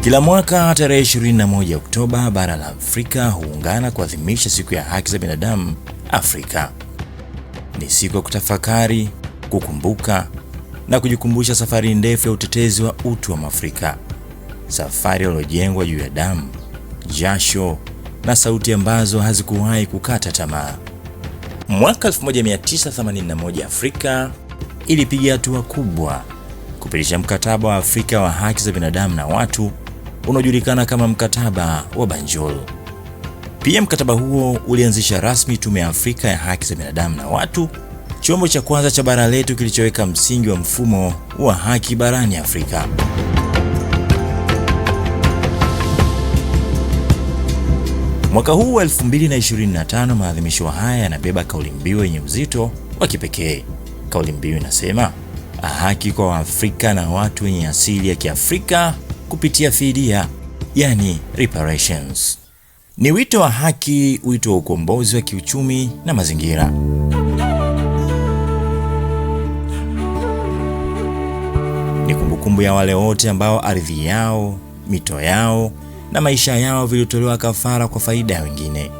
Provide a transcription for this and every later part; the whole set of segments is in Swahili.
Kila mwaka tarehe 21 Oktoba, bara la Afrika huungana kuadhimisha siku ya haki za binadamu Afrika. Ni siku ya kutafakari, kukumbuka na kujikumbusha safari ndefu ya utetezi wa utu wa Mwafrika, safari iliyojengwa juu ya damu, jasho na sauti ambazo hazikuwahi kukata tamaa. Mwaka 1981 Afrika ilipiga hatua kubwa kupitisha mkataba wa Afrika wa haki za binadamu na watu unaojulikana kama mkataba wa Banjul. Pia mkataba huo ulianzisha rasmi Tume ya Afrika ya Haki za Binadamu na Watu, chombo cha kwanza cha bara letu kilichoweka msingi wa mfumo wa haki barani Afrika. Mwaka huu wa 2025, maadhimisho haya yanabeba kauli mbiu yenye mzito wa kipekee. Kauli mbiu inasema haki kwa Waafrika na watu wenye asili ya Kiafrika kupitia fidia, yani reparations. Ni wito wa haki, wito wa ukombozi wa kiuchumi na mazingira. Ni kumbukumbu ya wale wote ambao ardhi yao, mito yao na maisha yao vilitolewa kafara kwa faida ya wengine.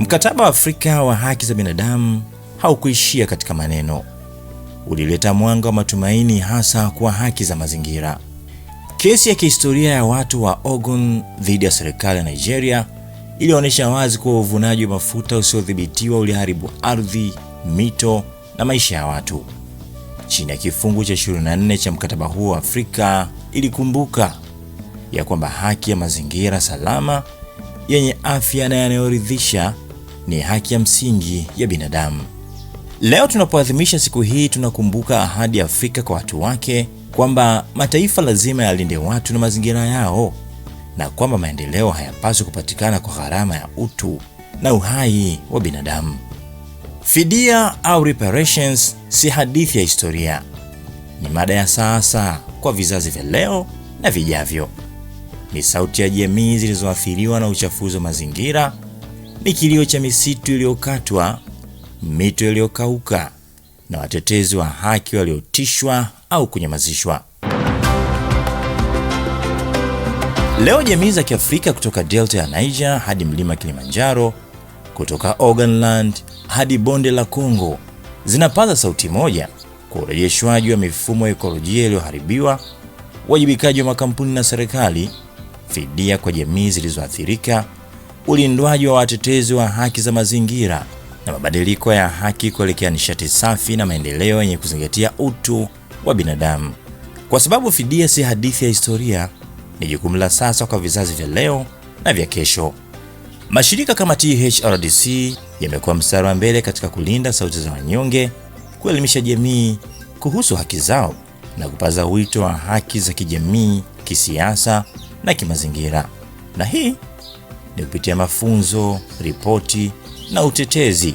Mkataba wa Afrika wa haki za binadamu haukuishia katika maneno, ulileta mwanga wa matumaini, hasa kwa haki za mazingira. Kesi ya kihistoria ya watu wa Ogun dhidi ya serikali ya Nigeria ilionyesha wazi kuwa uvunaji wa mafuta usiodhibitiwa uliharibu ardhi, mito na maisha ya watu. Chini ya kifungu cha 24 cha mkataba huo wa Afrika ilikumbuka ya kwamba haki ya mazingira salama, yenye afya na yanayoridhisha ni haki ya msingi ya binadamu. Leo tunapoadhimisha siku hii, tunakumbuka ahadi ya Afrika kwa watu wake kwamba mataifa lazima yalinde watu na mazingira yao na kwamba maendeleo hayapaswi kupatikana kwa gharama ya utu na uhai wa binadamu. Fidia au reparations si hadithi ya historia, ni mada ya sasa kwa vizazi vya leo na vijavyo. Ni sauti ya jamii zilizoathiriwa na uchafuzi wa mazingira, ni kilio cha misitu iliyokatwa mito iliyokauka na watetezi wa haki waliotishwa au kunyamazishwa. Leo jamii za Kiafrika kutoka delta ya Niger hadi mlima Kilimanjaro, kutoka Oganland hadi bonde la Kongo zinapaza sauti moja kwa urejeshwaji wa mifumo ya ekolojia iliyoharibiwa, uwajibikaji wa makampuni na serikali, fidia kwa jamii zilizoathirika, ulindwaji wa watetezi wa haki za mazingira na mabadiliko ya haki kuelekea nishati safi na maendeleo yenye kuzingatia utu wa binadamu. Kwa sababu fidia si hadithi ya historia, ni jukumu la sasa kwa vizazi vya leo na vya kesho. Mashirika kama THRDC yamekuwa mstari wa mbele katika kulinda sauti za wanyonge, kuelimisha jamii kuhusu haki zao na kupaza wito wa haki za kijamii, kisiasa na kimazingira. Na hii ni kupitia mafunzo, ripoti na utetezi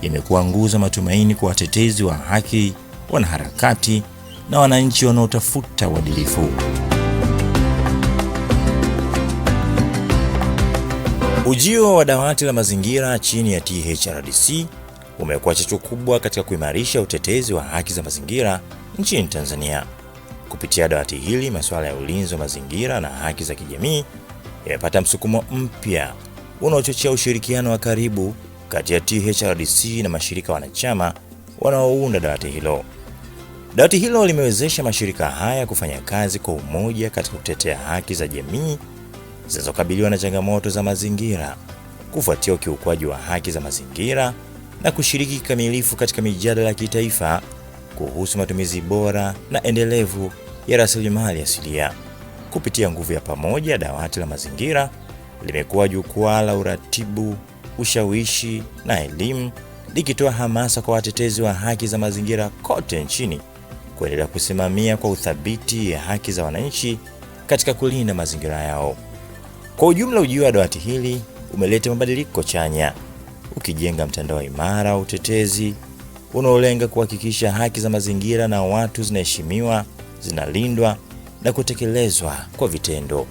imekuwa nguzo matumaini kwa watetezi wa haki, wanaharakati na wananchi wanaotafuta uadilifu. Ujio wa dawati la mazingira chini ya THRDC umekuwa chachu kubwa katika kuimarisha utetezi wa haki za mazingira nchini Tanzania. Kupitia dawati hili, masuala ya ulinzi wa mazingira na haki za kijamii yamepata msukumo mpya unaochochea ushirikiano wa karibu kati ya THRDC na mashirika wanachama wanaounda dawati hilo. Dawati hilo limewezesha mashirika haya kufanya kazi kwa umoja katika kutetea haki za jamii zinazokabiliwa na changamoto za mazingira kufuatia ukiukwaji wa haki za mazingira na kushiriki kikamilifu katika mijadala ya kitaifa kuhusu matumizi bora na endelevu ya rasilimali asilia. Kupitia nguvu ya pamoja, dawati la mazingira limekuwa jukwaa la uratibu, ushawishi na elimu, likitoa hamasa kwa watetezi wa haki za mazingira kote nchini kuendelea kusimamia kwa uthabiti ya haki za wananchi katika kulinda mazingira yao. Kwa ujumla, ujio wa dawati hili umeleta mabadiliko chanya, ukijenga mtandao imara wa utetezi unaolenga kuhakikisha haki za mazingira na watu zinaheshimiwa, zinalindwa na kutekelezwa kwa vitendo.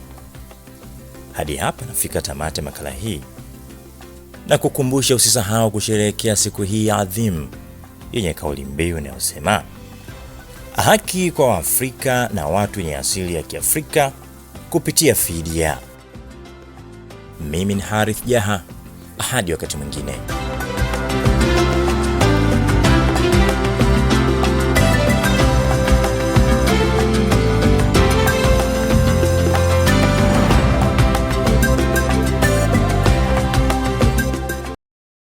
Hadi hapa nafika tamati makala hii na kukumbusha, usisahau kusherehekea siku hii adhimu yenye kauli mbiu inayosema haki kwa Waafrika na watu wenye asili ya Kiafrika kupitia fidia. Mimi ni Harith Jaha, hadi wakati mwingine.